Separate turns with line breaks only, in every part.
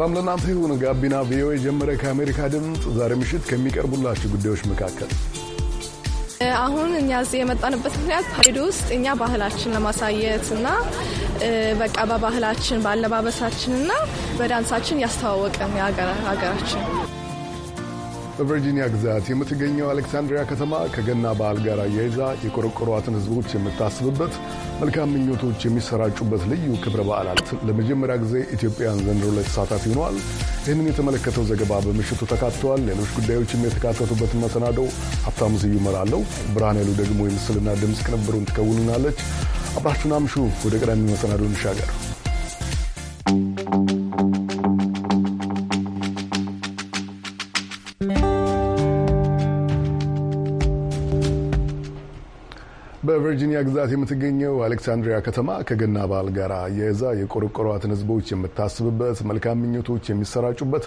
ሰላም ለእናንተ ይሁን። ጋቢና ቪኦኤ ጀመረ። ከአሜሪካ ድምፅ ዛሬ ምሽት ከሚቀርቡላችሁ ጉዳዮች መካከል
አሁን እኛ እዚህ የመጣንበት ምክንያት ፓሬድ ውስጥ እኛ ባህላችን ለማሳየት እና በቃ በባህላችን በአለባበሳችን እና በዳንሳችን ያስተዋወቀን ሀገራችን።
በቨርጂኒያ ግዛት የምትገኘው አሌክሳንድሪያ ከተማ ከገና በዓል ጋር አያይዛ የቆረቆሯትን ህዝቦች የምታስብበት መልካም ምኞቶች የሚሰራጩበት ልዩ ክብረ በዓላት ለመጀመሪያ ጊዜ ኢትዮጵያን ዘንድሮ ላይ ተሳታፊ ሆነዋል። ይህንን የተመለከተው ዘገባ በምሽቱ ተካትተዋል። ሌሎች ጉዳዮችም የተካተቱበትን መሰናዶ ሀብታሙ ዝዩ እመራለሁ። ብርሃን ኃይሉ ደግሞ የምስልና ድምፅ ቅንብሩን ትከውንናለች። አብራችሁን አምሹ። ወደ ቀዳሚ መሰናዶ እንሻገር። ቨርጂኒያ ግዛት የምትገኘው አሌክሳንድሪያ ከተማ ከገና በዓል ጋር አያይዛ የቆረቆሯትን ህዝቦች የምታስብበት መልካም ምኞቶች የሚሰራጩበት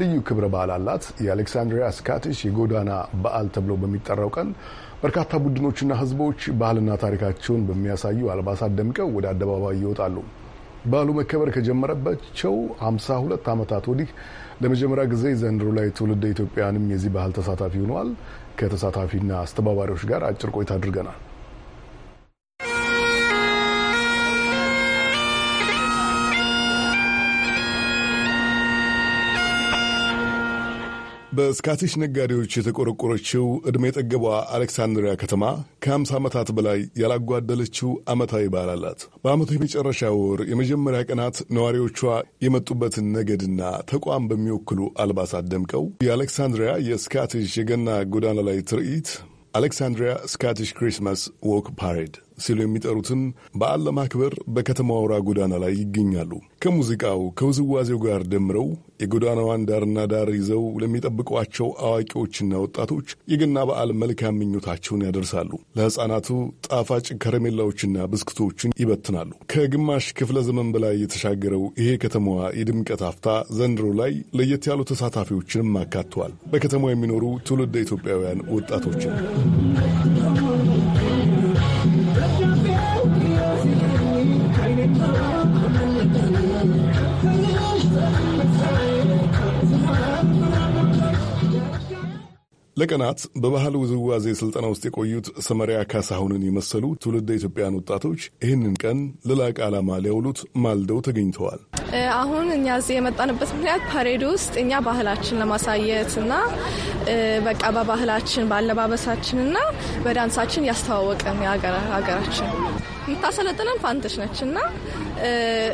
ልዩ ክብረ በዓል አላት። የአሌክሳንድሪያ ስካቲሽ የጎዳና በዓል ተብሎ በሚጠራው ቀን በርካታ ቡድኖችና ህዝቦች ባህልና ታሪካቸውን በሚያሳዩ አልባሳት ደምቀው ወደ አደባባይ ይወጣሉ። በዓሉ መከበር ከጀመረባቸው 52 ዓመታት ወዲህ ለመጀመሪያ ጊዜ ዘንድሮ ላይ ትውልደ ኢትዮጵያንም የዚህ ባህል ተሳታፊ ሆነዋል። ከተሳታፊና አስተባባሪዎች ጋር አጭር ቆይታ አድርገናል። በስካቲሽ ነጋዴዎች የተቆረቆረችው ዕድሜ ጠገቧ አሌክሳንድሪያ ከተማ ከ50 ዓመታት በላይ ያላጓደለችው ዓመታዊ በዓል አላት። በዓመቱ የመጨረሻ ወር የመጀመሪያ ቀናት ነዋሪዎቿ የመጡበትን ነገድና ተቋም በሚወክሉ አልባሳት ደምቀው የአሌክሳንድሪያ የስካቲሽ የገና ጎዳና ላይ ትርኢት አሌክሳንድሪያ ስካቲሽ ክሪስማስ ዎክ ፓሬድ ሲሉ የሚጠሩትን በዓል ለማክበር በከተማ አውራ ጎዳና ላይ ይገኛሉ። ከሙዚቃው ከውዝዋዜው ጋር ደምረው የጎዳናዋን ዳርና ዳር ይዘው ለሚጠብቋቸው አዋቂዎችና ወጣቶች የገና በዓል መልካም ምኞታቸውን ያደርሳሉ። ለሕፃናቱ ጣፋጭ ከረሜላዎችና ብስኩቶችን ይበትናሉ። ከግማሽ ክፍለ ዘመን በላይ የተሻገረው ይሄ ከተማዋ የድምቀት አፍታ ዘንድሮ ላይ ለየት ያሉ ተሳታፊዎችንም አካተዋል። በከተማው የሚኖሩ ትውልደ ኢትዮጵያውያን ወጣቶችን ለቀናት በባህል ውዝዋዜ ስልጠና ውስጥ የቆዩት ሰመሪያ ካሳሁንን የመሰሉ ትውልደ ኢትዮጵያውያን ወጣቶች ይህንን ቀን ለላቀ ዓላማ ሊያውሉት ማልደው ተገኝተዋል።
አሁን እኛ እዚህ የመጣንበት ምክንያት ፓሬድ ውስጥ እኛ ባህላችን ለማሳየት እና በቃ በባህላችን በአለባበሳችን እና በዳንሳችን ያስተዋወቀን የሀገራችን የምታሰለጥነን ፋንተሽ ነች እና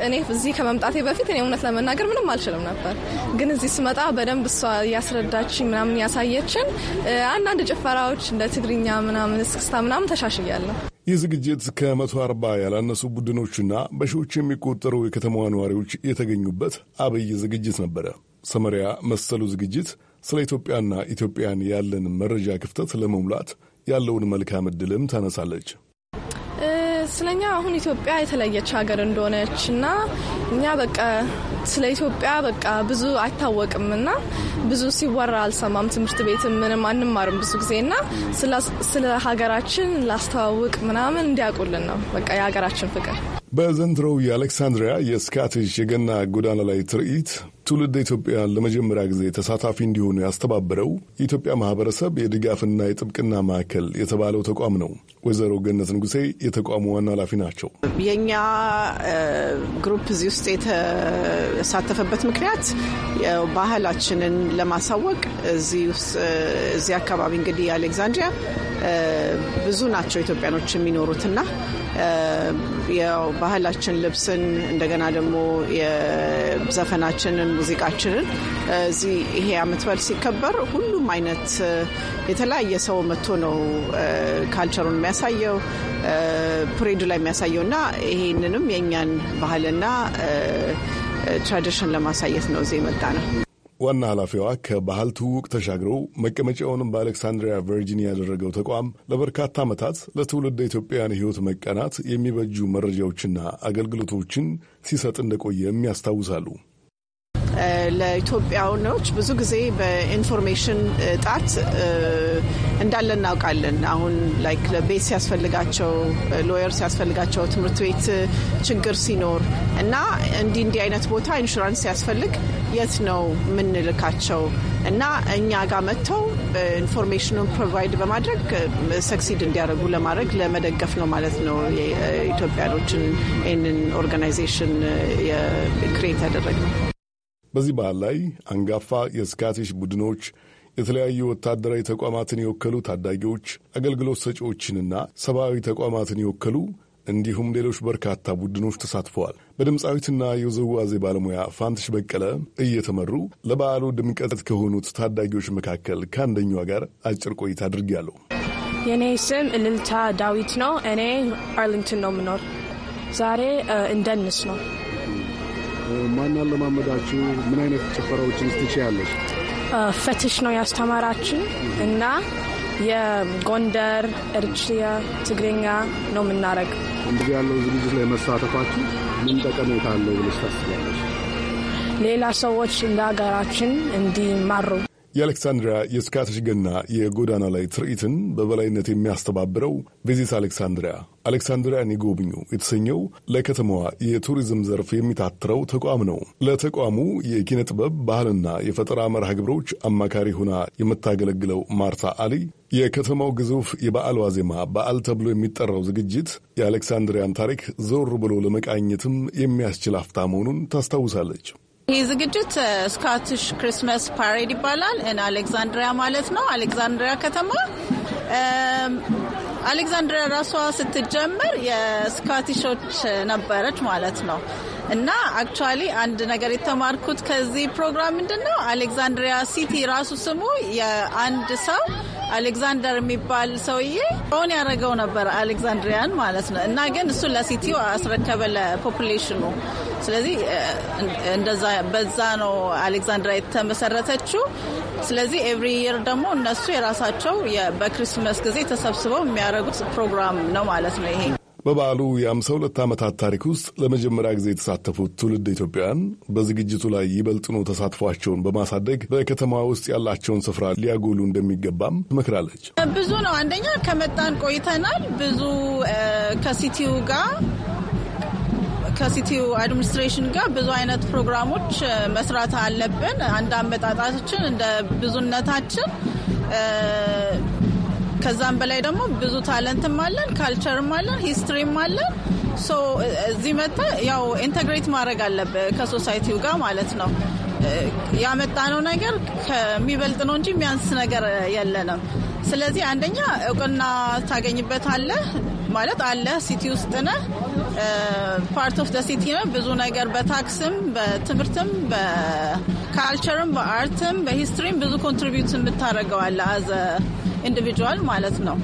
እኔ እዚህ ከመምጣቴ በፊት እኔ እውነት ለመናገር ምንም አልችልም ነበር። ግን እዚህ ስመጣ በደንብ እሷ እያስረዳችኝ ምናምን ያሳየችን አንዳንድ ጭፈራዎች እንደ ትግርኛ ምናምን እስክስታ ምናምን ተሻሽያለሁ።
ይህ ዝግጅት ከመቶ አርባ ያላነሱ ቡድኖችና በሺዎች የሚቆጠሩ የከተማዋ ነዋሪዎች የተገኙበት አብይ ዝግጅት ነበረ። ሰመሪያ መሰሉ ዝግጅት ስለ ኢትዮጵያና ኢትዮጵያን ያለን መረጃ ክፍተት ለመሙላት ያለውን መልካም ዕድልም ታነሳለች።
ስለኛ አሁን ኢትዮጵያ የተለየች ሀገር እንደሆነች እና እኛ በቃ ስለ ኢትዮጵያ በቃ ብዙ አይታወቅም እና ብዙ ሲወራ አልሰማም። ትምህርት ቤትም ምንም አንማርም ብዙ ጊዜ እና ስለ ሀገራችን ላስተዋውቅ ምናምን እንዲያውቁልን ነው በቃ የሀገራችን ፍቅር
በዘንድሮው የአሌክሳንድሪያ የስካቲሽ የገና ጎዳና ላይ ትርኢት ትውልድ ኢትዮጵያ ለመጀመሪያ ጊዜ ተሳታፊ እንዲሆኑ ያስተባበረው የኢትዮጵያ ማህበረሰብ የድጋፍና የጥብቅና ማዕከል የተባለው ተቋም ነው። ወይዘሮ ገነት ንጉሴ የተቋሙ ዋና ኃላፊ ናቸው።
የእኛ ግሩፕ እዚህ ውስጥ የተሳተፈበት ምክንያት ባህላችንን ለማሳወቅ እዚህ አካባቢ እንግዲህ የአሌክዛንድሪያ ብዙ ናቸው ኢትዮጵያኖች የሚኖሩትና የባህላችን ልብስን እንደገና ደግሞ የዘፈናችንን ሙዚቃችንን እዚህ ይሄ አመት በዓል ሲከበር ሁሉም አይነት የተለያየ ሰው መጥቶ ነው ካልቸሩን የሚያሳየው ፕሬዱ ላይ የሚያሳየው እና ይሄንንም የእኛን
ባህልና ትራዲሽን ለማሳየት ነው እዚህ የመጣ ነው። ዋና ኃላፊዋ ከባህል ትውውቅ ተሻግረው መቀመጫውንም በአሌክሳንድሪያ ቨርጂኒያ ያደረገው ተቋም ለበርካታ ዓመታት ለትውልድ ኢትዮጵያውያን ሕይወት መቀናት የሚበጁ መረጃዎችና አገልግሎቶችን ሲሰጥ እንደቆየም ያስታውሳሉ።
ለኢትዮጵያኖች ብዙ ጊዜ በኢንፎርሜሽን እጣት እንዳለ እናውቃለን። አሁን ላይክ ቤት ሲያስፈልጋቸው፣ ሎየር ሲያስፈልጋቸው፣ ትምህርት ቤት ችግር ሲኖር እና እንዲህ እንዲህ አይነት ቦታ ኢንሹራንስ ሲያስፈልግ የት ነው የምንልካቸው እና እኛ ጋር መጥተው ኢንፎርሜሽኑን ፕሮቫይድ በማድረግ ሰክሲድ እንዲያደርጉ ለማድረግ ለመደገፍ ነው ማለት ነው። የኢትዮጵያኖችን ይህንን ኦርጋናይዜሽን ክሬት ነው።
በዚህ በዓል ላይ አንጋፋ የስካቲሽ ቡድኖች የተለያዩ ወታደራዊ ተቋማትን የወከሉ ታዳጊዎች፣ አገልግሎት ሰጪዎችንና ሰብአዊ ተቋማትን የወከሉ እንዲሁም ሌሎች በርካታ ቡድኖች ተሳትፈዋል። በድምፃዊትና የውዝዋዜ ባለሙያ ፋንትሽ በቀለ እየተመሩ ለበዓሉ ድምቀት ከሆኑት ታዳጊዎች መካከል ከአንደኛዋ ጋር አጭር ቆይታ አድርጌያለሁ።
የእኔ ስም እልልታ ዳዊት ነው። እኔ አርሊንግተን ነው የምኖር። ዛሬ እንደንስ ነው
ማን አለማመዳችሁ ምን አይነት ጭፈራዎችን ስትችያለሽ?
ፈትሽ ነው ያስተማራችን እና የጎንደር እርጅያ ትግርኛ ነው የምናደርግ።
እንደዚህ ያለው ዝግጅት ላይ መሳተፋችሁ ምን ጠቀሜታ አለው ብለሽ ታስቢያለሽ?
ሌላ ሰዎች እንደ ሀገራችን እንዲማሩ
የአሌክሳንድሪያ የስካትሽ ገና የጎዳና ላይ ትርኢትን በበላይነት የሚያስተባብረው ቪዚት አሌክሳንድሪያ አሌክሳንድሪያን ይጎብኙ የተሰኘው ለከተማዋ የቱሪዝም ዘርፍ የሚታትረው ተቋም ነው። ለተቋሙ የኪነ ጥበብ ባህልና የፈጠራ መርሃ ግብሮች አማካሪ ሆና የምታገለግለው ማርታ አሊ የከተማው ግዙፍ የበዓል ዋዜማ በዓል ተብሎ የሚጠራው ዝግጅት የአሌክሳንድሪያን ታሪክ ዞር ብሎ ለመቃኘትም የሚያስችል አፍታ መሆኑን ታስታውሳለች።
ይህ ዝግጅት ስካትሽ ክሪስመስ ፓሬድ ይባላል። አሌክዛንድሪያ ማለት ነው። አሌክዛንድሪያ ከተማ አሌክዛንድሪያ um, ራሷ ስትጀምር የስካቲሾች ነበረች ማለት ነው። እና አክቹዋሊ አንድ ነገር የተማርኩት ከዚህ ፕሮግራም ምንድን ነው አሌክዛንድሪያ ሲቲ ራሱ ስሙ የአንድ ሰው አሌክዛንደር የሚባል ሰውዬ ሆን ያደረገው ነበር አሌክዛንድሪያን ማለት ነው። እና ግን እሱ ለሲቲው አስረከበ ለፖፑሌሽኑ። ስለዚህ እንደዛ በዛ ነው አሌክዛንድሪያ የተመሰረተችው። ስለዚህ ኤቭሪ ይር ደግሞ እነሱ የራሳቸው በክሪስመስ ጊዜ ተሰብስበው የሚያደርጉት ፕሮግራም ነው ማለት ነው ይሄ
በበዓሉ የአምሳ ሁለት ዓመታት ታሪክ ውስጥ ለመጀመሪያ ጊዜ የተሳተፉት ትውልድ ኢትዮጵያውያን በዝግጅቱ ላይ ይበልጥኑ ተሳትፏቸውን በማሳደግ በከተማ ውስጥ ያላቸውን ስፍራ ሊያጎሉ እንደሚገባም ትመክራለች።
ብዙ ነው። አንደኛ ከመጣን ቆይተናል። ብዙ ከሲቲው ጋር ከሲቲው አድሚኒስትሬሽን ጋር ብዙ አይነት ፕሮግራሞች መስራት አለብን። አንድ አመጣጣችን እንደ ብዙነታችን ከዛም በላይ ደግሞ ብዙ ታለንትም አለን፣ ካልቸርም አለን፣ ሂስትሪም አለን። ሶ እዚህ መጥተ ያው ኢንተግሬት ማድረግ አለብ ከሶሳይቲው ጋር ማለት ነው። ያመጣነው ነገር ከሚበልጥ ነው እንጂ የሚያንስ ነገር የለንም። ስለዚህ አንደኛ እውቅና ታገኝበት አለ ማለት አለ ሲቲ ውስጥ ነ ፓርት ኦፍ ደ ሲቲ ነ ብዙ ነገር በታክስም፣ በትምህርትም፣ በካልቸርም፣ በአርትም፣ በሂስትሪም ብዙ ኮንትሪቢዩት የምታደርገው አዘ ኢንዲቪጁዋል ማለት ነው።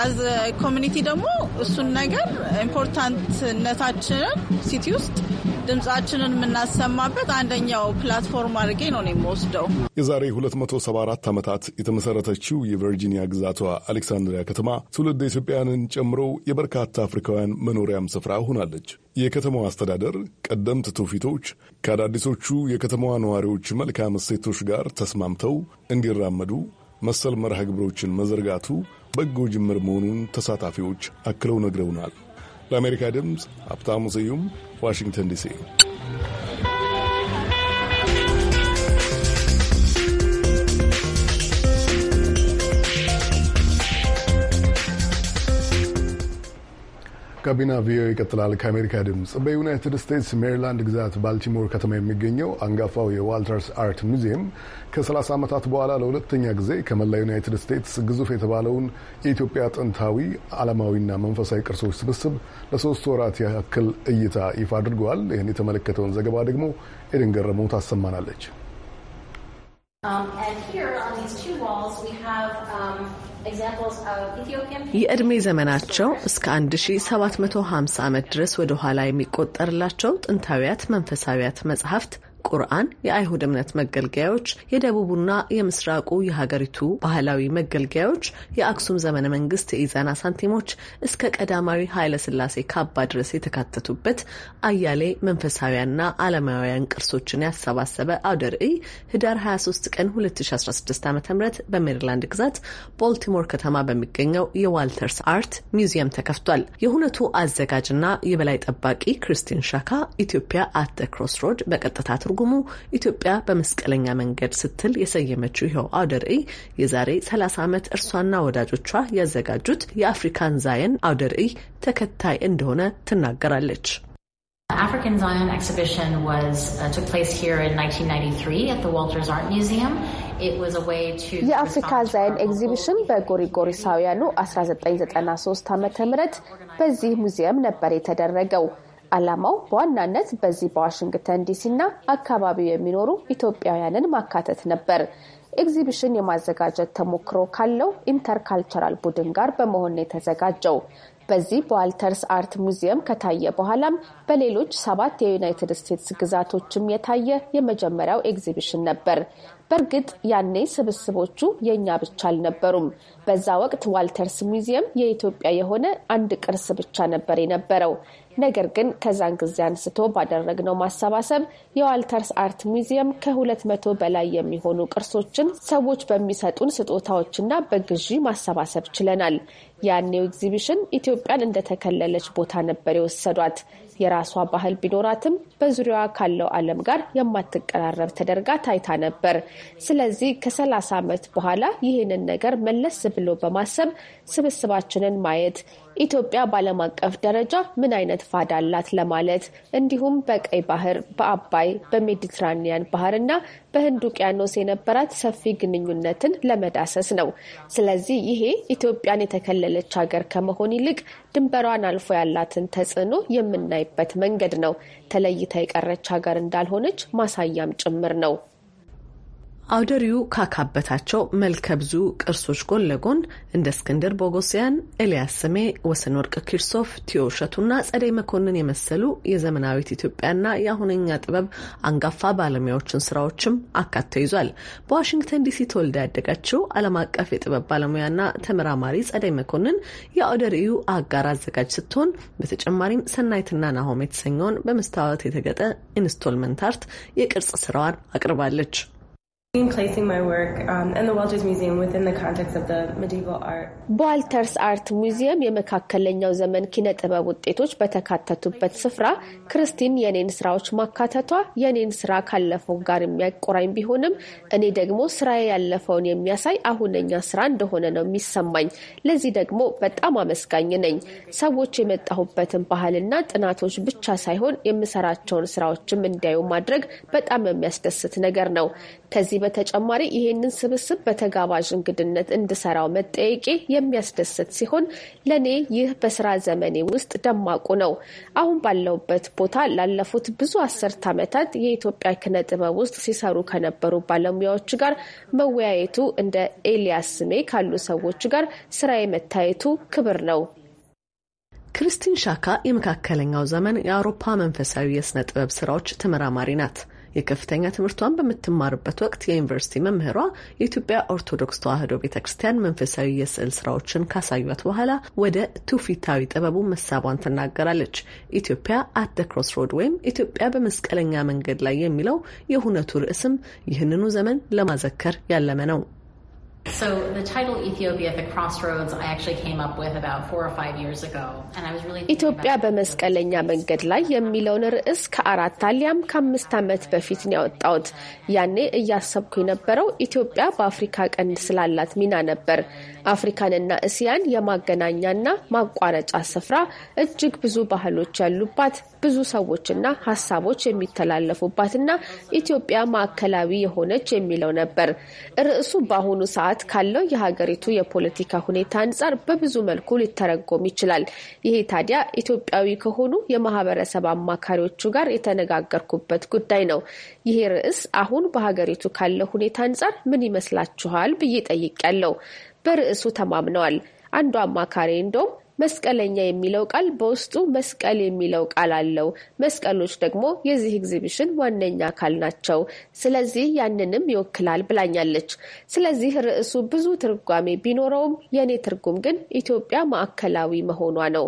አዝ ኮሚኒቲ ደግሞ እሱን ነገር ኢምፖርታንትነታችንን ሲቲ ውስጥ ድምጻችንን የምናሰማበት አንደኛው ፕላትፎርም አድርጌ ነው የምወስደው።
የዛሬ 274 ዓመታት የተመሠረተችው የቨርጂኒያ ግዛቷ አሌክሳንድሪያ ከተማ ትውልድ ኢትዮጵያውያንን ጨምሮ የበርካታ አፍሪካውያን መኖሪያም ስፍራ ሆናለች። የከተማዋ አስተዳደር ቀደምት ትውፊቶች ከአዳዲሶቹ የከተማዋ ነዋሪዎች መልካም እሴቶች ጋር ተስማምተው እንዲራመዱ መሰል መርሃ ግብሮችን መዘርጋቱ በጎ ጅምር መሆኑን ተሳታፊዎች አክለው ነግረውናል። ለአሜሪካ ድምፅ ሀብታሙ ስዩም ዋሽንግተን ዲሲ ጋቢና ቪኦኤ ይቀጥላል። ከአሜሪካ ድምፅ በዩናይትድ ስቴትስ ሜሪላንድ ግዛት ባልቲሞር ከተማ የሚገኘው አንጋፋው የዋልተርስ አርት ሙዚየም ከ30 ዓመታት በኋላ ለሁለተኛ ጊዜ ከመላ ዩናይትድ ስቴትስ ግዙፍ የተባለውን የኢትዮጵያ ጥንታዊ ዓለማዊና መንፈሳዊ ቅርሶች ስብስብ ለሶስት ወራት ያክል እይታ ይፋ አድርገዋል። ይህን የተመለከተውን ዘገባ ደግሞ ኤደን ገረመው ታሰማናለች።
um,
የዕድሜ ዘመናቸው እስከ 1750 ዓመት ድረስ ወደ ኋላ የሚቆጠርላቸው ጥንታዊያት መንፈሳዊያት መጽሐፍት ቁርአን የአይሁድ እምነት መገልገያዎች፣ የደቡቡና የምስራቁ የሀገሪቱ ባህላዊ መገልገያዎች፣ የአክሱም ዘመነ መንግስት የኢዛና ሳንቲሞች እስከ ቀዳማዊ ስላሴ ካባ ድረስ የተካተቱበት አያሌ መንፈሳዊያንና ዓለማውያን ቅርሶችን ያሰባሰበ አውደ ርዕይ ህዳር 23 ቀን 2016 ዓ ም በሜሪላንድ ግዛት ቦልቲሞር ከተማ በሚገኘው የዋልተርስ አርት ሚውዚየም ተከፍቷል። የሁነቱ አዘጋጅና የበላይ ጠባቂ ክሪስቲን ሻካ ኢትዮጵያ አት ክሮስ ሮድ በቀጥታ ትርጉሙ ኢትዮጵያ በመስቀለኛ መንገድ ስትል የሰየመችው ይኸው አውደ ርዕይ የዛሬ 30 ዓመት እርሷና ወዳጆቿ ያዘጋጁት የአፍሪካን ዛየን አውደ ርዕይ ተከታይ እንደሆነ ትናገራለች።
African Zion exhibition was uh, took place here in 1993 at the Walters Art Museum. የአፍሪካ
ዛይን ኤግዚቢሽን በጎሪጎሪሳውያኑ 1993 ዓ ም በዚህ ሙዚየም ነበር የተደረገው። ዓላማው በዋናነት በዚህ በዋሽንግተን ዲሲና አካባቢው የሚኖሩ ኢትዮጵያውያንን ማካተት ነበር። ኤግዚቢሽን የማዘጋጀት ተሞክሮ ካለው ኢንተርካልቸራል ቡድን ጋር በመሆን ነው የተዘጋጀው። በዚህ በዋልተርስ አርት ሙዚየም ከታየ በኋላም በሌሎች ሰባት የዩናይትድ ስቴትስ ግዛቶችም የታየ የመጀመሪያው ኤግዚቢሽን ነበር። በእርግጥ ያኔ ስብስቦቹ የእኛ ብቻ አልነበሩም። በዛ ወቅት ዋልተርስ ሙዚየም የኢትዮጵያ የሆነ አንድ ቅርስ ብቻ ነበር የነበረው። ነገር ግን ከዛን ጊዜ አንስቶ ባደረግነው ማሰባሰብ የዋልተርስ አርት ሚዚየም ከሁለት መቶ በላይ የሚሆኑ ቅርሶችን ሰዎች በሚሰጡን ስጦታዎችና በግዢ ማሰባሰብ ችለናል። ያኔው ኤግዚቢሽን ኢትዮጵያን እንደተከለለች ቦታ ነበር የወሰዷት። የራሷ ባህል ቢኖራትም በዙሪያዋ ካለው ዓለም ጋር የማትቀራረብ ተደርጋ ታይታ ነበር። ስለዚህ ከሰላሳ ዓመት በኋላ ይህንን ነገር መለስ ብሎ በማሰብ ስብስባችንን ማየት ኢትዮጵያ በዓለም አቀፍ ደረጃ ምን አይነት ፋዳ አላት ለማለት እንዲሁም በቀይ ባህር፣ በአባይ፣ በሜዲትራኒያን ባህር በህንድ ውቅያኖስ የነበራት ሰፊ ግንኙነትን ለመዳሰስ ነው። ስለዚህ ይሄ ኢትዮጵያን የተከለለች ሀገር ከመሆን ይልቅ ድንበሯን አልፎ ያላትን ተጽዕኖ የምናይበት መንገድ ነው። ተለይታ የቀረች ሀገር እንዳልሆነች ማሳያም ጭምር ነው።
አውደሪው ካካበታቸው መልከ ብዙ ቅርሶች ጎን ለጎን እንደ እስክንድር ቦጎሲያን፣ ኤልያስ ስሜ፣ ወሰን ወርቅ ኪርሶፍ፣ ቲዮ እሸቱና ጸደይ መኮንን የመሰሉ የዘመናዊት ኢትዮጵያና የአሁነኛ ጥበብ አንጋፋ ባለሙያዎችን ስራዎችም አካቶ ይዟል። በዋሽንግተን ዲሲ ተወልዳ ያደገችው ዓለም አቀፍ የጥበብ ባለሙያና ተመራማሪ ጸደይ መኮንን የአውደሪዩ አጋር አዘጋጅ ስትሆን በተጨማሪም ሰናይትና ናሆም የተሰኘውን በመስታወት የተገጠ ኢንስቶልመንት አርት የቅርጽ ስራዋን አቅርባለች።
በዋልተርስ አርት ሙዚየም የመካከለኛው ዘመን ኪነ ጥበብ ውጤቶች በተካተቱበት ስፍራ ክርስቲን የኔን ስራዎች ማካተቷ የኔን ስራ ካለፈው ጋር የሚያቆራኝ ቢሆንም እኔ ደግሞ ስራዬ ያለፈውን የሚያሳይ አሁነኛ ስራ እንደሆነ ነው የሚሰማኝ። ለዚህ ደግሞ በጣም አመስጋኝ ነኝ። ሰዎች የመጣሁበትን ባህልና ጥናቶች ብቻ ሳይሆን የምሰራቸውን ስራዎችም እንዲያዩ ማድረግ በጣም የሚያስደስት ነገር ነው። ከዚህ በተጨማሪ ይህንን ስብስብ በተጋባዥ እንግድነት እንድሰራው መጠየቄ የሚያስደስት ሲሆን ለእኔ ይህ በስራ ዘመኔ ውስጥ ደማቁ ነው። አሁን ባለውበት ቦታ ላለፉት ብዙ አስርት ዓመታት የኢትዮጵያ ኪነ ጥበብ ውስጥ ሲሰሩ ከነበሩ ባለሙያዎች ጋር መወያየቱ እንደ ኤልያስ ስሜ ካሉ ሰዎች ጋር ስራ የመታየቱ ክብር ነው።
ክርስቲን ሻካ የመካከለኛው ዘመን የአውሮፓ መንፈሳዊ የሥነ ጥበብ ስራዎች ተመራማሪ ናት። የከፍተኛ ትምህርቷን በምትማርበት ወቅት የዩኒቨርሲቲ መምህሯ የኢትዮጵያ ኦርቶዶክስ ተዋሕዶ ቤተ ክርስቲያን መንፈሳዊ የስዕል ስራዎችን ካሳዩት በኋላ ወደ ትውፊታዊ ጥበቡ መሳቧን ትናገራለች። ኢትዮጵያ አት ደ ክሮስ ሮድ ወይም ኢትዮጵያ በመስቀለኛ መንገድ ላይ የሚለው የሁነቱ ርዕስም ይህንኑ ዘመን
ለማዘከር ያለመ ነው። ኢትዮጵያ በመስቀለኛ መንገድ ላይ የሚለውን ርዕስ ከአራት አሊያም ከአምስት ዓመት በፊት ነው ያወጣሁት። ያኔ እያሰብኩ የነበረው ኢትዮጵያ በአፍሪካ ቀንድ ስላላት ሚና ነበር። አፍሪካንና እስያን የማገናኛና ማቋረጫ ስፍራ፣ እጅግ ብዙ ባህሎች ያሉባት፣ ብዙ ሰዎችና ሀሳቦች የሚተላለፉባትና ኢትዮጵያ ማዕከላዊ የሆነች የሚለው ነበር ርዕሱ በአሁኑ ሰዓት ስርዓት ካለው የሀገሪቱ የፖለቲካ ሁኔታ አንጻር በብዙ መልኩ ሊተረጎም ይችላል። ይሄ ታዲያ ኢትዮጵያዊ ከሆኑ የማህበረሰብ አማካሪዎቹ ጋር የተነጋገርኩበት ጉዳይ ነው። ይሄ ርዕስ አሁን በሀገሪቱ ካለው ሁኔታ አንጻር ምን ይመስላችኋል ብዬ ያለው በርዕሱ ተማምነዋል። አንዱ አማካሪ እንደውም መስቀለኛ የሚለው ቃል በውስጡ መስቀል የሚለው ቃል አለው። መስቀሎች ደግሞ የዚህ ኤግዚቢሽን ዋነኛ አካል ናቸው። ስለዚህ ያንንም ይወክላል ብላኛለች። ስለዚህ ርዕሱ ብዙ ትርጓሜ ቢኖረውም የእኔ ትርጉም ግን ኢትዮጵያ ማዕከላዊ መሆኗ ነው።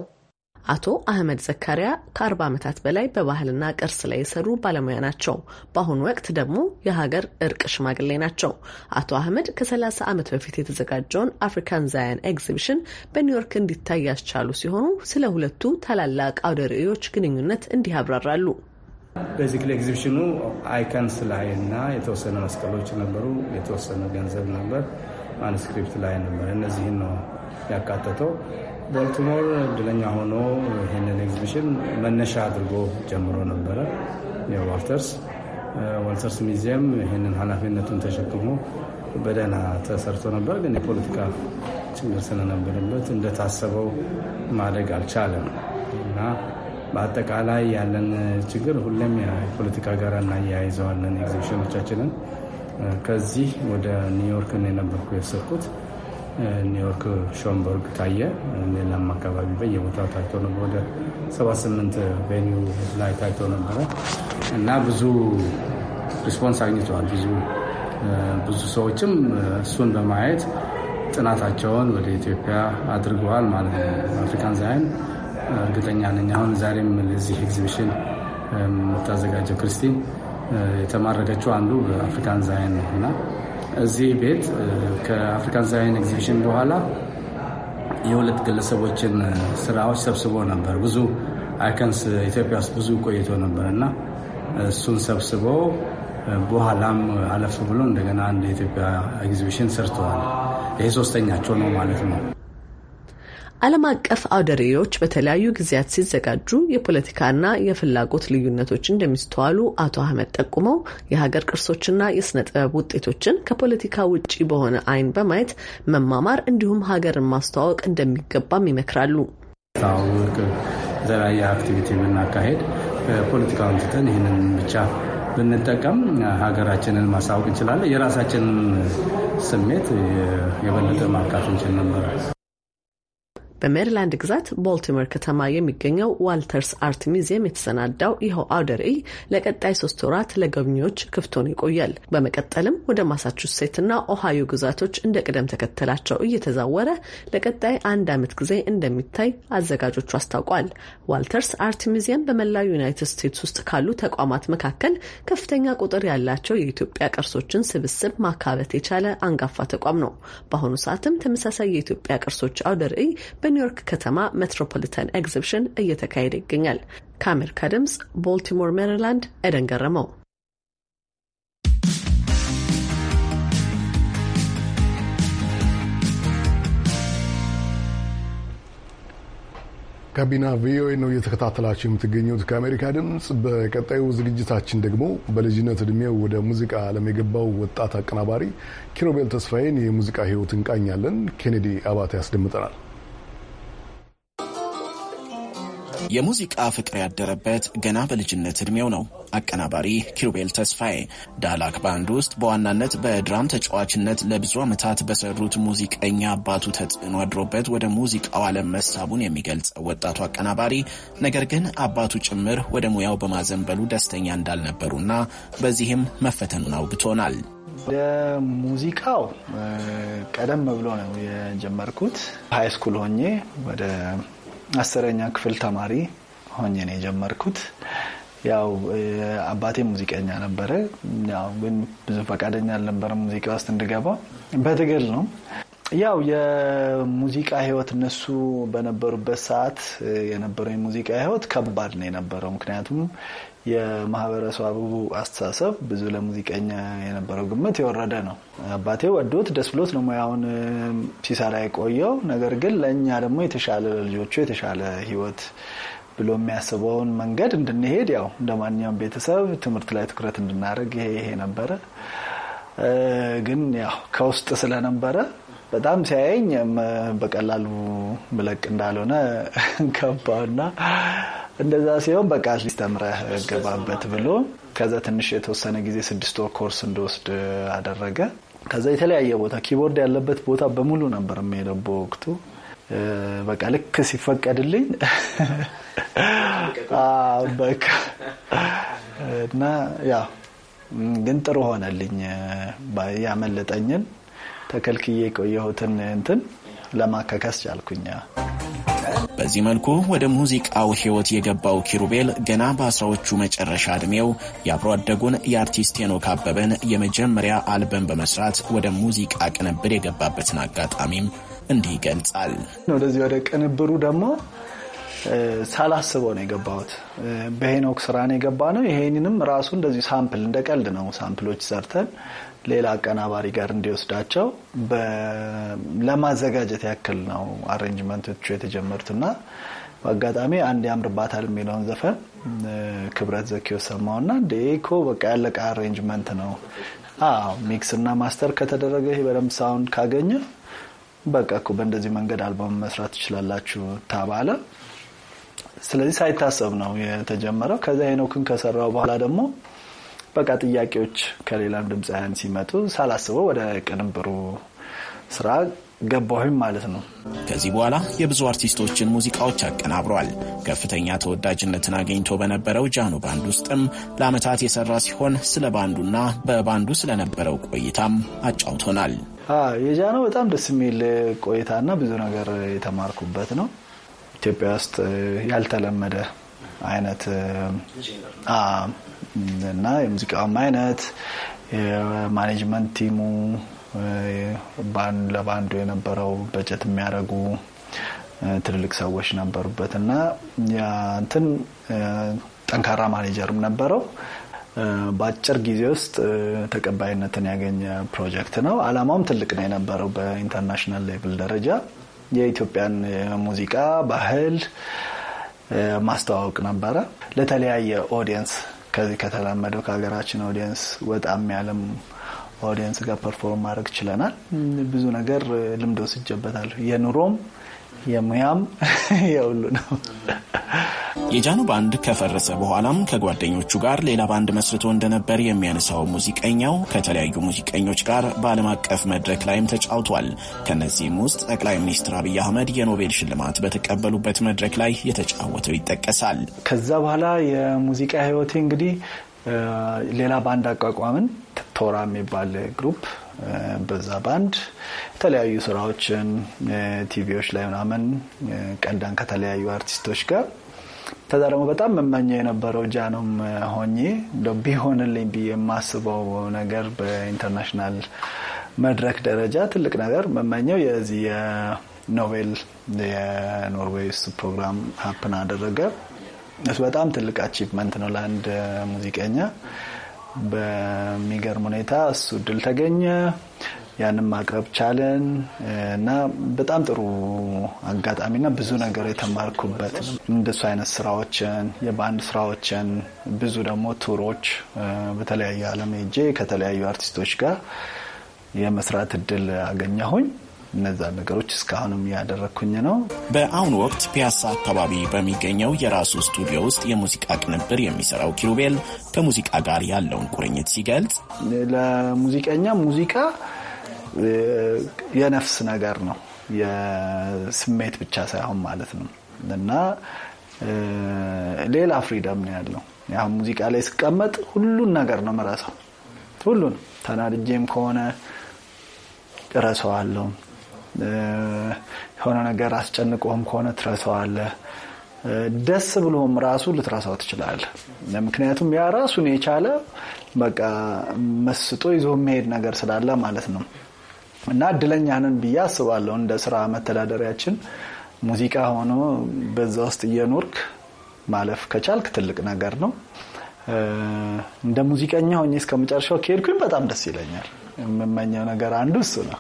አቶ አህመድ ዘካሪያ ከአርባ ዓመታት በላይ በባህልና ቅርስ ላይ የሰሩ ባለሙያ ናቸው። በአሁኑ ወቅት ደግሞ የሀገር እርቅ ሽማግሌ ናቸው። አቶ አህመድ ከ30 ዓመት በፊት የተዘጋጀውን አፍሪካን ዛያን ኤግዚቢሽን በኒውዮርክ እንዲታይ ያስቻሉ ሲሆኑ ስለ ሁለቱ ታላላቅ አውደ ርዕዮች ግንኙነት እንዲህ ያብራራሉ።
ቤዚክሊ ኤግዚቢሽኑ አይከንስ ላይ እና የተወሰነ መስቀሎች ነበሩ፣ የተወሰነ ገንዘብ ነበር፣ ማኑስክሪፕት ላይ ነበር። እነዚህን ነው ያካተተው። ቦልቲሞር እድለኛ ሆኖ ይህንን ኤግዚቢሽን መነሻ አድርጎ ጀምሮ ነበረ። የዋልተርስ ዋልተርስ ሚዚየም ይህንን ኃላፊነቱን ተሸክሞ በደህና ተሰርቶ ነበር። ግን የፖለቲካ ችግር ስለነበረበት እንደታሰበው ማደግ አልቻለም እና በአጠቃላይ ያለን ችግር ሁሌም የፖለቲካ ጋር እናያይዘዋለን ኤግዚቢሽኖቻችንን። ከዚህ ወደ ኒውዮርክ ነው የነበርኩ የወሰድኩት ኒውዮርክ ሾምበርግ ታየ። ሌላም አካባቢ በየቦታው ታይቶ ነበር። ወደ 78 ቬኒው ላይ ታይቶ ነበረ እና ብዙ ሪስፖንስ አግኝተዋል። ብዙ ብዙ ሰዎችም እሱን በማየት ጥናታቸውን ወደ ኢትዮጵያ አድርገዋል ማለት ነው። አፍሪካን ዛይን እርግጠኛ ነኝ አሁን ዛሬም ለዚህ ኤግዚቢሽን የምታዘጋጀው ክርስቲን የተማረከችው አንዱ በአፍሪካን ዛይን ነው እና እዚህ ቤት ከአፍሪካን ዛይን ኤግዚቢሽን በኋላ የሁለት ግለሰቦችን ስራዎች ሰብስቦ ነበር። ብዙ አይከንስ ኢትዮጵያ ውስጥ ብዙ ቆይቶ ነበር እና እሱን ሰብስቦ በኋላም አለፍ ብሎ እንደገና አንድ የኢትዮጵያ ኤግዚቢሽን ሰርተዋል። ይሄ ሶስተኛቸው ነው ማለት ነው።
ዓለም አቀፍ አውደሬዎች በተለያዩ ጊዜያት ሲዘጋጁ የፖለቲካና የፍላጎት ልዩነቶች እንደሚስተዋሉ አቶ አህመድ ጠቁመው የሀገር ቅርሶችና የስነ ጥበብ ውጤቶችን ከፖለቲካ ውጪ በሆነ አይን በማየት መማማር እንዲሁም ሀገርን ማስተዋወቅ እንደሚገባም
ይመክራሉ። ተዋወቅ የተለያየ አክቲቪቲ ብናካሄድ ፖለቲካውን ትተን ይህንን ብቻ ብንጠቀም ሀገራችንን ማሳወቅ እንችላለን። የራሳችንን ስሜት የበለጠ ማካፍ እንችል ነበር።
በሜሪላንድ ግዛት ቦልቲሞር ከተማ የሚገኘው ዋልተርስ አርት ሚዚየም የተሰናዳው ይኸው አውደ ርዕይ ለቀጣይ ሶስት ወራት ለጎብኚዎች ክፍት ሆኖ ይቆያል። በመቀጠልም ወደ ማሳቹሴትና ኦሃዮ ግዛቶች እንደ ቅደም ተከተላቸው እየተዛወረ ለቀጣይ አንድ ዓመት ጊዜ እንደሚታይ አዘጋጆቹ አስታውቋል። ዋልተርስ አርት ሚዚየም በመላው ዩናይትድ ስቴትስ ውስጥ ካሉ ተቋማት መካከል ከፍተኛ ቁጥር ያላቸው የኢትዮጵያ ቅርሶችን ስብስብ ማካበት የቻለ አንጋፋ ተቋም ነው። በአሁኑ ሰዓትም ተመሳሳይ የኢትዮጵያ ቅርሶች አውደ ርዕይ በኒውዮርክ ከተማ ሜትሮፖሊታን ኤግዚቢሽን እየተካሄደ ይገኛል። ከአሜሪካ ድምፅ ቦልቲሞር ሜሪላንድ፣ ኤደን ገረመው።
ጋቢና ቪኦኤ ነው እየተከታተላችሁ የምትገኙት ከአሜሪካ ድምፅ። በቀጣዩ ዝግጅታችን ደግሞ በልጅነት እድሜው ወደ ሙዚቃ ዓለም የገባው ወጣት አቀናባሪ ኪሮቤል ተስፋዬን የሙዚቃ ሕይወት እንቃኛለን። ኬኔዲ አባተ ያስደምጠናል።
የሙዚቃ ፍቅር ያደረበት ገና በልጅነት እድሜው ነው። አቀናባሪ ኪሩቤል ተስፋዬ ዳላክ ባንድ ውስጥ በዋናነት በድራም ተጫዋችነት ለብዙ ዓመታት በሰሩት ሙዚቀኛ አባቱ ተጽዕኖ አድሮበት ወደ ሙዚቃው ዓለም መሳቡን የሚገልጽ ወጣቱ አቀናባሪ ነገር ግን አባቱ ጭምር ወደ ሙያው በማዘንበሉ ደስተኛ እንዳልነበሩና በዚህም መፈተኑን አውግቶናል።
ወደ ሙዚቃው ቀደም ብሎ ነው የጀመርኩት። ሃይስኩል ሆኜ ወደ አስረኛ ክፍል ተማሪ ሆኜ ነው የጀመርኩት። ያው አባቴ ሙዚቀኛ ነበረ። ያው ግን ብዙ ፈቃደኛ አልነበረ ሙዚቃ ውስጥ እንድገባ በትግል ነው። ያው የሙዚቃ ህይወት እነሱ በነበሩበት ሰዓት የነበረው የሙዚቃ ህይወት ከባድ ነው የነበረው። ምክንያቱም የማህበረሰቡ አስተሳሰብ ብዙ ለሙዚቀኛ የነበረው ግምት የወረደ ነው። አባቴ ወዶት ደስ ብሎት ነው ሙያውን ሲሰራ የቆየው። ነገር ግን ለእኛ ደግሞ የተሻለ ለልጆቹ የተሻለ ህይወት ብሎ የሚያስበውን መንገድ እንድንሄድ ያው እንደ ማንኛውም ቤተሰብ ትምህርት ላይ ትኩረት እንድናደርግ ይሄ ይሄ ነበረ። ግን ያው ከውስጥ ስለነበረ በጣም ሲያየኝ በቀላሉ ምለቅ እንዳልሆነ ገባውና እንደዛ ሲሆን በቃ ተምረህ ገባበት ብሎ ከዛ ትንሽ የተወሰነ ጊዜ ስድስት ወር ኮርስ እንደወስድ አደረገ። ከዛ የተለያየ ቦታ ኪቦርድ ያለበት ቦታ በሙሉ ነበር የሚሄደው በወቅቱ በቃ ልክ ሲፈቀድልኝ በቃ እና ያ ግን ጥሩ ሆነልኝ። ያመለጠኝን ተከልክዬ የቆየሁትን እንትን ለማካከስ ቻልኩኛ።
በዚህ መልኩ ወደ ሙዚቃው ህይወት የገባው ኪሩቤል ገና በአስራዎቹ መጨረሻ ዕድሜው የአብሮ አደጉን የአርቲስት ሄኖክ አበበን የመጀመሪያ አልበም በመስራት ወደ ሙዚቃ ቅንብር የገባበትን አጋጣሚም እንዲህ ይገልጻል።
ወደዚህ ወደ ቅንብሩ ደግሞ ሳላስበው ነው የገባሁት። በሄኖክ ስራ ነው የገባ ነው። ይሄንንም ራሱ እንደዚህ ሳምፕል እንደ ቀልድ ነው ሳምፕሎች ሰርተን ሌላ አቀናባሪ ጋር እንዲወስዳቸው ለማዘጋጀት ያክል ነው አሬንጅመንቶቹ የተጀመሩትና በአጋጣሚ አንድ ያምርባታል የሚለውን ዘፈን ክብረት ዘኪዮ ና ዴኮ በቃ ያለቀ አሬንጅመንት ነው። ሚክስ እና ማስተር ከተደረገ ይሄ በደንብ ሳውንድ ካገኘ በቃ እኮ በእንደዚህ መንገድ አልበም መስራት ትችላላችሁ ተባለ። ስለዚህ ሳይታሰብ ነው የተጀመረው። ከዚያ ሄኖክን ከሰራው በኋላ ደግሞ በቃ ጥያቄዎች ከሌላም ድምፃያን ሲመጡ ሳላስበው ወደ ቅንብሩ ስራ ገባሁም ማለት ነው። ከዚህ በኋላ የብዙ
አርቲስቶችን ሙዚቃዎች አቀናብሯል። ከፍተኛ ተወዳጅነትን አግኝቶ በነበረው ጃኖ ባንድ ውስጥም ለአመታት የሰራ ሲሆን ስለ ባንዱና በባንዱ ስለነበረው ቆይታም
አጫውቶናል። የጃኖ በጣም ደስ የሚል ቆይታና ብዙ ነገር የተማርኩበት ነው። ኢትዮጵያ ውስጥ ያልተለመደ አይነት እና የሙዚቃውም አይነት የማኔጅመንት ቲሙ ለባንዱ የነበረው በጀት የሚያደርጉ ትልልቅ ሰዎች ነበሩበት እና እንትን ጠንካራ ማኔጀርም ነበረው። በአጭር ጊዜ ውስጥ ተቀባይነትን ያገኘ ፕሮጀክት ነው። አላማውም ትልቅ ነው የነበረው። በኢንተርናሽናል ሌቭል ደረጃ የኢትዮጵያን ሙዚቃ ባህል ማስተዋወቅ ነበረ ለተለያየ ኦዲየንስ ከዚህ ከተላመደው ከሀገራችን ኦዲየንስ ወጣም ያለም ኦዲየንስ ጋር ፐርፎርም ማድረግ ችለናል። ብዙ ነገር ልምድ ወስጀበታለሁ። የኑሮም የሙያም የሁሉ ነው።
የጃኑ ባንድ ከፈረሰ በኋላም ከጓደኞቹ ጋር ሌላ ባንድ መስርቶ እንደነበር የሚያነሳው ሙዚቀኛው ከተለያዩ ሙዚቀኞች ጋር በዓለም አቀፍ መድረክ ላይም ተጫውቷል። ከነዚህም ውስጥ ጠቅላይ ሚኒስትር አብይ አህመድ የኖቤል ሽልማት በተቀበሉበት መድረክ ላይ የተጫወተው ይጠቀሳል።
ከዛ በኋላ የሙዚቃ ህይወቴ እንግዲህ ሌላ ባንድ አቋቋምን። ቶራ የሚባል ግሩፕ በዛ ባንድ የተለያዩ ስራዎችን ቲቪዎች ላይ ምናምን ቀዳን ከተለያዩ አርቲስቶች ጋር። ከዛ ደግሞ በጣም መመኘው የነበረው ጃኖም ሆኜ ቢሆንልኝ ብዬ የማስበው ነገር በኢንተርናሽናል መድረክ ደረጃ ትልቅ ነገር መመኘው የዚህ የኖቤል የኖርዌይ ፕሮግራም ሀፕን አደረገ። እሱ በጣም ትልቅ አቺቭመንት ነው ለአንድ ሙዚቀኛ። በሚገርም ሁኔታ እሱ እድል ተገኘ፣ ያንም ማቅረብ ቻለን እና በጣም ጥሩ አጋጣሚና ብዙ ነገር የተማርኩበት እንደሱ አይነት ስራዎችን የባንድ ስራዎችን ብዙ ደግሞ ቱሮች በተለያዩ ዓለም ሄጄ ከተለያዩ አርቲስቶች ጋር የመስራት እድል አገኘሁኝ። እነዛ ነገሮች እስካሁንም ያደረግኩኝ ነው።
በአሁኑ ወቅት ፒያሳ አካባቢ በሚገኘው የራሱ ስቱዲዮ ውስጥ የሙዚቃ ቅንብር የሚሰራው
ኪሩቤል ከሙዚቃ ጋር ያለውን ቁርኝት ሲገልጽ ለሙዚቀኛ ሙዚቃ የነፍስ ነገር ነው፣ የስሜት ብቻ ሳይሆን ማለት ነው እና ሌላ ፍሪደም ነው ያለው። ያ ሙዚቃ ላይ ስቀመጥ ሁሉን ነገር ነው የምረሳው። ሁሉን ተናድጄም ከሆነ እረሳዋለሁ የሆነ ነገር አስጨንቆም ከሆነ ትረሳዋለህ። ደስ ብሎም ራሱ ልትረሳው ትችላለህ። ምክንያቱም ያ ራሱን የቻለ በቃ መስጦ ይዞ የሚሄድ ነገር ስላለ ማለት ነው። እና እድለኛንን ብዬ አስባለሁ። እንደ ስራ መተዳደሪያችን ሙዚቃ ሆኖ በዛ ውስጥ እየኖርክ ማለፍ ከቻልክ ትልቅ ነገር ነው። እንደ ሙዚቀኛ ሆኜ እስከ መጨረሻው ከሄድኩኝ በጣም ደስ ይለኛል። የምመኘው ነገር አንዱ እሱ ነው።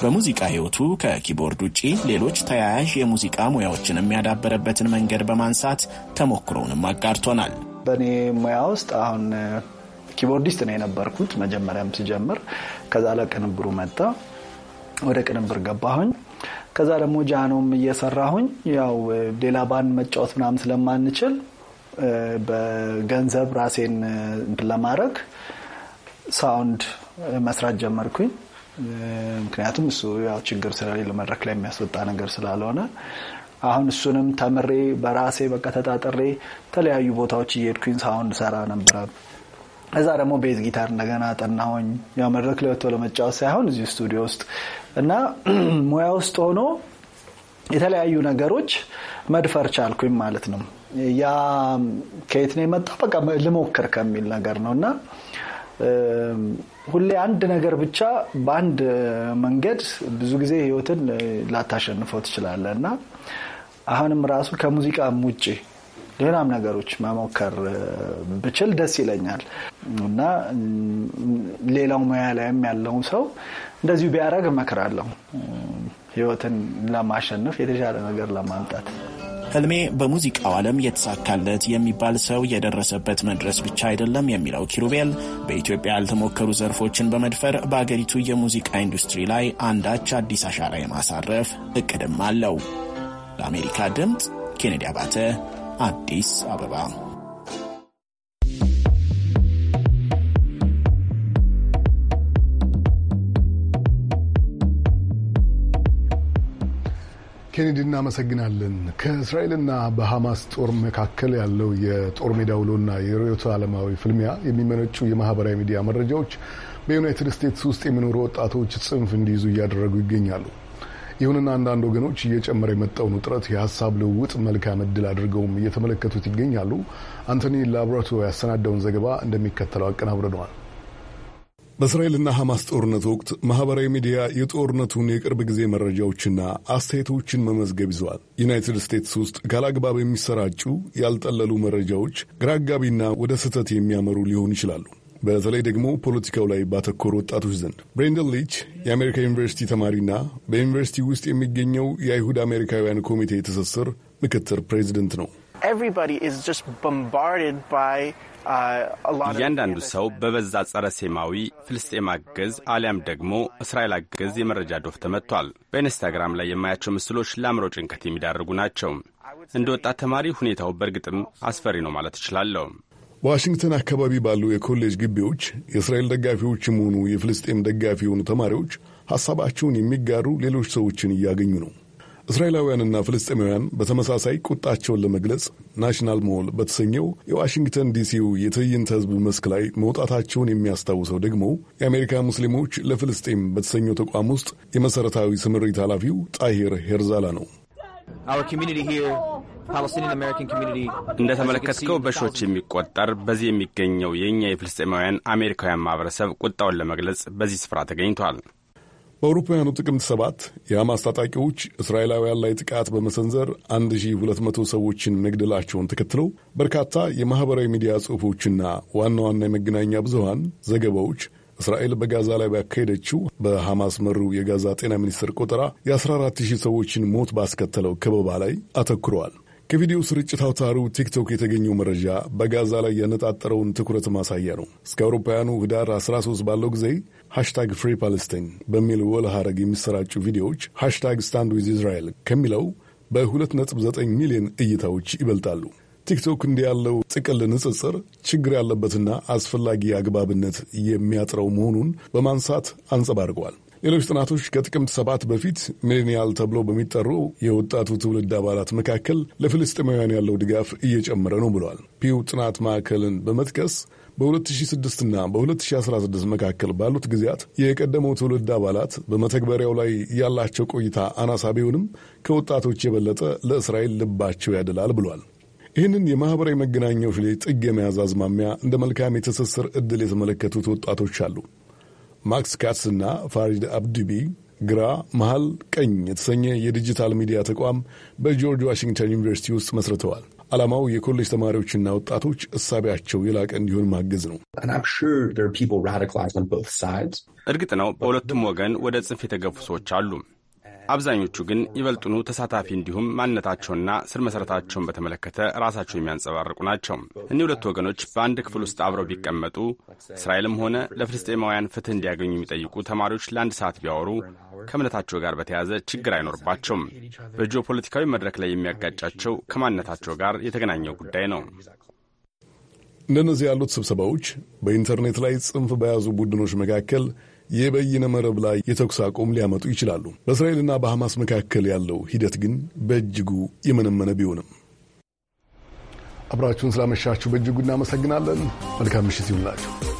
በሙዚቃ ህይወቱ ከኪቦርድ ውጪ ሌሎች ተያያዥ የሙዚቃ
ሙያዎችን የሚያዳበረበትን መንገድ በማንሳት ተሞክሮውንም አጋርቶናል።
በእኔ ሙያ ውስጥ አሁን ኪቦርዲስት ነው የነበርኩት መጀመሪያም ስጀምር። ከዛ ለቅንብሩ መጣ፣ ወደ ቅንብር ገባሁኝ። ከዛ ደግሞ ጃኖም እየሰራሁኝ ያው ሌላ ባንድ መጫወት ምናምን ስለማንችል በገንዘብ ራሴን ለማድረግ ሳውንድ መስራት ጀመርኩኝ። ምክንያቱም እሱ ያው ችግር ስለሌለ መድረክ ላይ የሚያስወጣ ነገር ስላልሆነ አሁን እሱንም ተምሬ በራሴ በቃ ተጣጥሬ የተለያዩ ቦታዎች እየሄድኩኝ ሳውንድ ሰራ ነበረ። እዛ ደግሞ ቤዝ ጊታር እንደገና ጠናሆኝ ያው መድረክ ላይ ወጥቶ ለመጫወት ሳይሆን እዚሁ ስቱዲዮ ውስጥ እና ሙያ ውስጥ ሆኖ የተለያዩ ነገሮች መድፈር ቻልኩኝ ማለት ነው። ያ ከየት ነው የመጣ በቃ ልሞክር ከሚል ነገር ነው እና ሁሌ አንድ ነገር ብቻ በአንድ መንገድ ብዙ ጊዜ ህይወትን ላታሸንፈው ትችላለ እና አሁንም ራሱ ከሙዚቃም ውጭ ሌላም ነገሮች መሞከር ብችል ደስ ይለኛል እና ሌላው ሙያ ላይም ያለው ሰው እንደዚሁ ቢያደርግ እመክራለሁ ህይወትን ለማሸነፍ የተሻለ ነገር ለማምጣት ህልሜ በሙዚቃው ዓለም የተሳካለት የሚባል ሰው የደረሰበት
መድረስ ብቻ አይደለም የሚለው ኪሩቤል በኢትዮጵያ ያልተሞከሩ ዘርፎችን በመድፈር በአገሪቱ የሙዚቃ ኢንዱስትሪ ላይ አንዳች አዲስ አሻራ የማሳረፍ እቅድም አለው። ለአሜሪካ ድምፅ ኬኔዲ አባተ አዲስ አበባ
ኬኔዲ እናመሰግናለን። ከእስራኤልና በሐማስ ጦር መካከል ያለው የጦር ሜዳ ውሎና የርዕዮተ ዓለማዊ ፍልሚያ የሚመነጩ የማህበራዊ ሚዲያ መረጃዎች በዩናይትድ ስቴትስ ውስጥ የሚኖሩ ወጣቶች ጽንፍ እንዲይዙ እያደረጉ ይገኛሉ። ይሁንና አንዳንድ ወገኖች እየጨመረ የመጣውን ውጥረት የሀሳብ ልውውጥ መልካም እድል አድርገውም እየተመለከቱት ይገኛሉ። አንቶኒ ላብራቶ ያሰናዳውን ዘገባ እንደሚከተለው አቀናብረነዋል። በእስራኤልና ሐማስ ጦርነት ወቅት ማኅበራዊ ሚዲያ የጦርነቱን የቅርብ ጊዜ መረጃዎችና አስተያየቶችን መመዝገብ ይዘዋል። ዩናይትድ ስቴትስ ውስጥ ካላግባብ የሚሰራጩ ያልጠለሉ መረጃዎች ግራጋቢና ወደ ስህተት የሚያመሩ ሊሆኑ ይችላሉ። በተለይ ደግሞ ፖለቲካው ላይ ባተኮሩ ወጣቶች ዘንድ። ብሬንደን ሊች የአሜሪካ ዩኒቨርሲቲ ተማሪና በዩኒቨርሲቲ ውስጥ የሚገኘው የአይሁድ አሜሪካውያን ኮሚቴ ትስስር ምክትል ፕሬዚደንት ነው።
እያንዳንዱ ሰው በበዛ ጸረ ሴማዊ ፍልስጤም አገዝ አሊያም ደግሞ እስራኤል አገዝ የመረጃ ዶፍ ተመጥቷል። በኢንስታግራም ላይ የማያቸው ምስሎች ለአእምሮ ጭንቀት የሚዳርጉ ናቸው። እንደ ወጣት ተማሪ ሁኔታው በእርግጥም አስፈሪ ነው ማለት እችላለሁ።
ዋሽንግተን አካባቢ ባሉ የኮሌጅ ግቢዎች የእስራኤል ደጋፊዎችም ሆኑ የፍልስጤም ደጋፊ የሆኑ ተማሪዎች ሐሳባቸውን የሚጋሩ ሌሎች ሰዎችን እያገኙ ነው። እስራኤላውያንና ፍልስጤማውያን በተመሳሳይ ቁጣቸውን ለመግለጽ ናሽናል ሞል በተሰኘው የዋሽንግተን ዲሲው የትዕይንተ ህዝብ መስክ ላይ መውጣታቸውን የሚያስታውሰው ደግሞ የአሜሪካ ሙስሊሞች ለፍልስጤም በተሰኘው ተቋም ውስጥ የመሠረታዊ ስምሪት ኃላፊው ጣሂር ሄርዛላ ነው።
እንደተመለከትከው
በሺዎች የሚቆጠር በዚህ የሚገኘው የእኛ የፍልስጤማውያን አሜሪካውያን ማህበረሰብ ቁጣውን ለመግለጽ በዚህ ስፍራ ተገኝቷል።
በአውሮፓውያኑ ጥቅምት ሰባት የሐማስ ታጣቂዎች እስራኤላውያን ላይ ጥቃት በመሰንዘር 1200 ሰዎችን መግደላቸውን ተከትለው በርካታ የማኅበራዊ ሚዲያ ጽሑፎችና ዋና ዋና የመገናኛ ብዙሃን ዘገባዎች እስራኤል በጋዛ ላይ ባካሄደችው በሐማስ መሩ የጋዛ ጤና ሚኒስቴር ቆጠራ የ14 ሰዎችን ሞት ባስከተለው ከበባ ላይ አተኩረዋል። ከቪዲዮ ስርጭት አውታሩ ቲክቶክ የተገኘው መረጃ በጋዛ ላይ ያነጣጠረውን ትኩረት ማሳያ ነው። እስከ አውሮፓውያኑ ህዳር 13 ባለው ጊዜ ሃሽታግ ፍሪ ፓለስቲን በሚል ወል ሐረግ የሚሰራጩ ቪዲዮዎች ሃሽታግ ስታንድ ዊዝ እስራኤል ከሚለው በ2.9 ሚሊዮን እይታዎች ይበልጣሉ። ቲክቶክ እንዲህ ያለው ጥቅል ንጽጽር ችግር ያለበትና አስፈላጊ አግባብነት የሚያጥረው መሆኑን በማንሳት አንጸባርቀዋል። ሌሎች ጥናቶች ከጥቅምት ሰባት በፊት ሚሌኒያል ተብሎ በሚጠሩ የወጣቱ ትውልድ አባላት መካከል ለፍልስጤማውያን ያለው ድጋፍ እየጨመረ ነው ብለዋል። ፒው ጥናት ማዕከልን በመጥቀስ በ2006 እና በ2016 መካከል ባሉት ጊዜያት የቀደመው ትውልድ አባላት በመተግበሪያው ላይ ያላቸው ቆይታ አናሳ ቢሆንም ከወጣቶች የበለጠ ለእስራኤል ልባቸው ያደላል ብሏል። ይህንን የማኅበራዊ መገናኛዎች ላይ ጥግ የመያዝ አዝማሚያ እንደ መልካም የትስስር ዕድል የተመለከቱት ወጣቶች አሉ። ማክስ እና ፋሪድ አብድቢ ግራ መሃል ቀኝ የተሰኘ የዲጂታል ሚዲያ ተቋም በጆርጅ ዋሽንግተን ዩኒቨርሲቲ ውስጥ መስርተዋል። ዓላማው የኮሌጅ ተማሪዎችና ወጣቶች እሳቢያቸው የላቀ እንዲሆን ማገዝ ነው።
እርግጥ ነው በሁለቱም ወገን ወደ ጽንፍ የተገፉ ሰዎች አሉ። አብዛኞቹ ግን ይበልጡኑ ተሳታፊ እንዲሁም ማንነታቸውና ስር መሠረታቸውን በተመለከተ ራሳቸው የሚያንጸባርቁ ናቸው። እኒህ ሁለት ወገኖች በአንድ ክፍል ውስጥ አብረው ቢቀመጡ እስራኤልም ሆነ ለፍልስጤማውያን ፍትህ እንዲያገኙ የሚጠይቁ ተማሪዎች ለአንድ ሰዓት ቢያወሩ ከእምነታቸው ጋር በተያያዘ ችግር አይኖርባቸውም። በጂኦፖለቲካዊ መድረክ ላይ የሚያጋጫቸው ከማንነታቸው ጋር የተገናኘው ጉዳይ ነው።
እንደነዚህ ያሉት ስብሰባዎች በኢንተርኔት ላይ ጽንፍ በያዙ ቡድኖች መካከል የበይነ መረብ ላይ የተኩስ አቁም ሊያመጡ ይችላሉ። በእስራኤልና በሐማስ መካከል ያለው ሂደት ግን በእጅጉ የመነመነ ቢሆንም አብራችሁን ስላመሻችሁ በእጅጉ እናመሰግናለን። መልካም ምሽት ይሁንላችሁ።